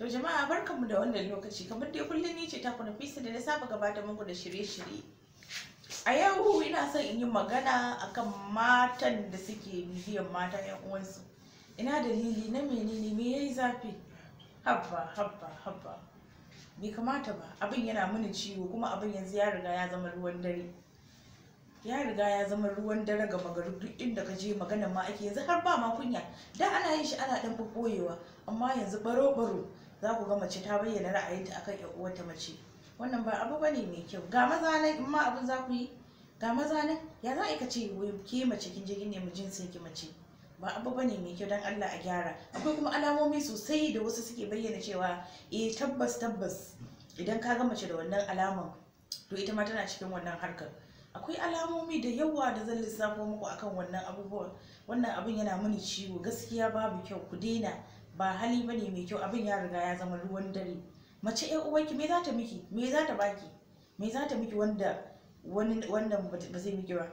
To jama'a barkanmu da wannan lokaci kamar dai kullum ni ce ta kuna fisa da na saba gabata muku da shirye-shirye. A yau ina son in yi magana akan matan da suke miliyan mata 'yan uwansu. Ina dalili na menene me yayi zafi? Habba habba habba. Bai kamata ba abin yana mini ciwo kuma abin yanzu ya riga ya zama ruwan dare. ya riga ya zama ruwan dare ga magaru duk inda ka je magana ma ake yanzu har ba ma kunya da ana yin shi ana dan ɓoyewa amma yanzu baro baro za ku ga mace ta bayyana ra'ayinta akan ƴan uwarta mace wannan ba abu bane mai kyau ga maza ne, in ma abin za ku yi ga maza ne? ya za a ka ce ke mace kin je kin nemi jinsin ki mace ba abu bane mai kyau dan Allah a gyara akwai kuma alamomi sosai da wasu suke bayyana cewa eh tabbas tabbas idan ka ga mace da wannan alaman to ita ma tana cikin wannan harkar akwai alamomi da yawa da zan lissafo muku akan wannan abubuwan wannan abin yana mini ciwo gaskiya babu kyau ku daina ba hali bane mai kyau abin ya riga ya zama ruwan dare mace ya uwarki me za ta miki me za ta baki me za ta miki wanda wani ba zai miki ba